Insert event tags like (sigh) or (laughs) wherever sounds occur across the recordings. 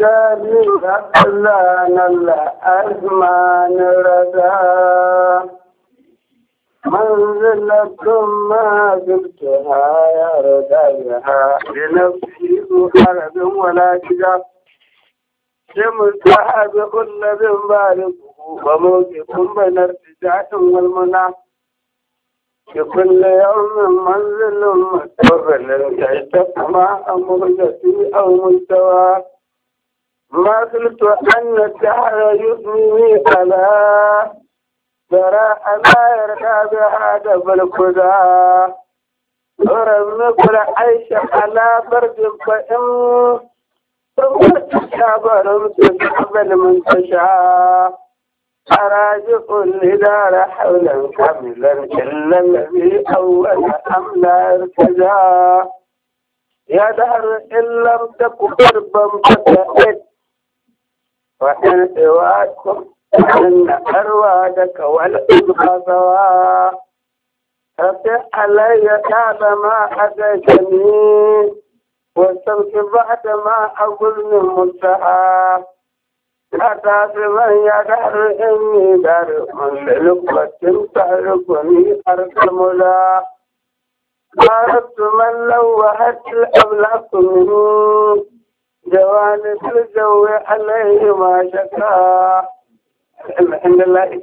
Jami'ar Allah na Allah, azmanin rada, manzannin kuma duk ta haya ya ha, ji na fi ƙi'u har zuwa lafiya, ji mu ta haɗe ƙullabin ba da kuma mawuke kumbanar da jaɗin لكل يوم منزل مستقبل كيف مع مرجتي أو مستوى ما قلت أن الدهر يضمي على ترى ألا يرقى بهذا بالكدى ورب كل عيش على برد فإن ثم تشابه رمس تقبل من تشاء أراجق الهدار حول كاملا إلا الذي أول حملا ارتجا يا دهر إن لم تكن قربا فتأت وإن سواكم أن أروادك والأبقى سواء أفع علي كعب ما أتيتني واستغفر بعد ما أقول من أتاتمن يدر إني در من لقوة تعرفني أرض الملا عرفت من لو وهت الأبلق منه جوانب الجو عليه ما شكا الحمد لله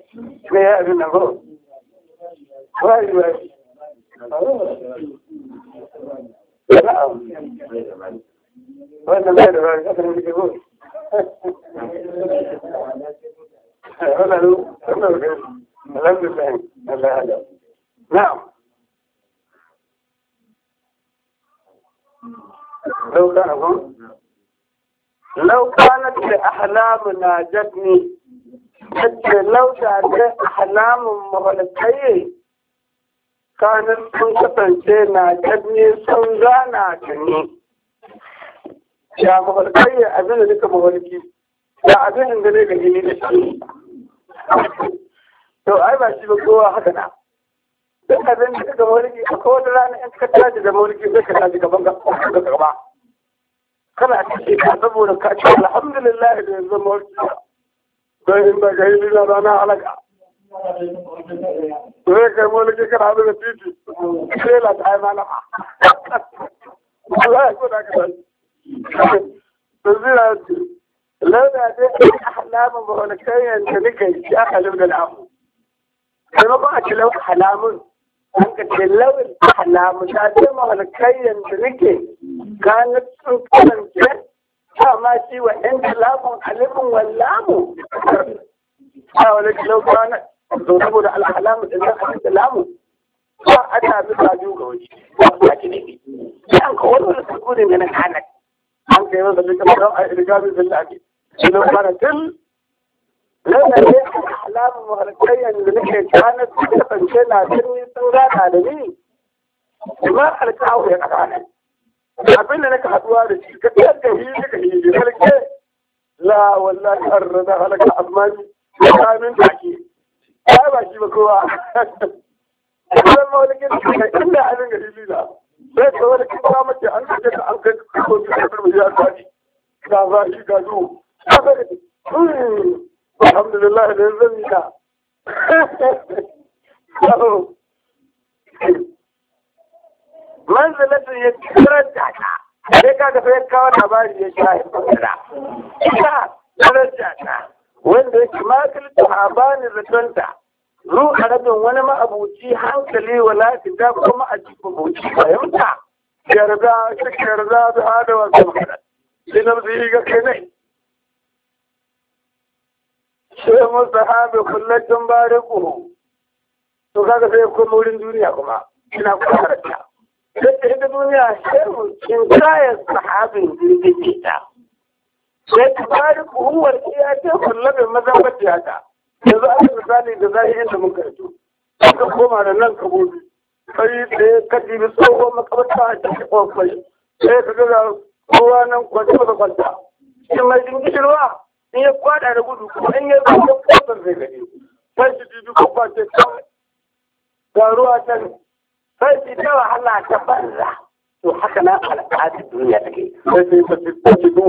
يا ابن أبو واجب نعم وانا ما ادري غلبوا غلبوا غلبوا الفهم هذا هذا نعم لو كان هم لو كانت الأحلام ناجتني حتى لو كانت أحلام مغلقية kanin sun kasance na ƙarni sun zana ta ne. Ya mafarkai abin da duka mafarki, da da shi. to ai ba shi ba kowa haka na duk abin da mulki a kowace rana in ka tashi da mulki sai ka tashi gaban gaba kana kashe ka saboda ka ce alhamdulillah da yanzu mulki don in ba ga yi na rana halaka zai kai mulki kana hadu da titi sai la ta yi malama (laughs) Allah ya ko da ka tashi (laughs) to zira launa dai an halaman ba wani kayan da nika yi ya halin da lamu sai ma ba a ci lauka halamun an ka ce lauyin ta halamun ta ce ma wani kayan da nike gane sun karance ta ma ci wa yan kalamun alimin wallamu ta wani lauka na zo saboda alhalamun da nan a lamu ba a ta bi ba biyu ga waje ba ki ne ya an ka wani wani sukurin ganin hanak an kai masa dukkan ra'ayi da gabi da lafi من مرتين لأن ليه أحلام مرتين اللي نحن كانت تنشينا تنوي سورات عالمين ما ya عوية قطعنا abinda na haduwa da shi ka tsaye da hili ka hili halke la wallahi har rana halaka amani tsakanin take ke. ba shi ba kowa idan ma wani gina shi inda abin ga hili na sai ka wani kuma mace an kaje ka an kai ko ka ya tsaki ka ba ga alhamdulillah da zan ka manzalatin ya karanta ta sai kaga sai kawo labari ya sha ya fara ita daraja ta wanda yake makil ta habani zatonta ru arabin wani ma'abuci hankali wala ta kuma a cikin buci fahimta yarda shi sai musu haɓe kullatin bariku to kaga sai kuma wurin duniya kuma ina kuma harata sai ta hita duniya sai mu kaya sahabin jirgin ta sai ta bariku huwar iya ta kullatin mazabata ya ta yanzu an misali da zahirin da mun karatu ka koma da nan ka gobe kai tsaye ka jibi tsohon makabarta a cikin kwakwai sai ka gaza kowa nan kwanta da kwanta Shin mai jirgin ruwa in ya kwada da gudu kuma in ya kwada kwatar zai gani sai shi dubi ko kwace kawai ruwa can sai shi ta wahala ta banza to haka na al'adar duniya take sai sai ta fi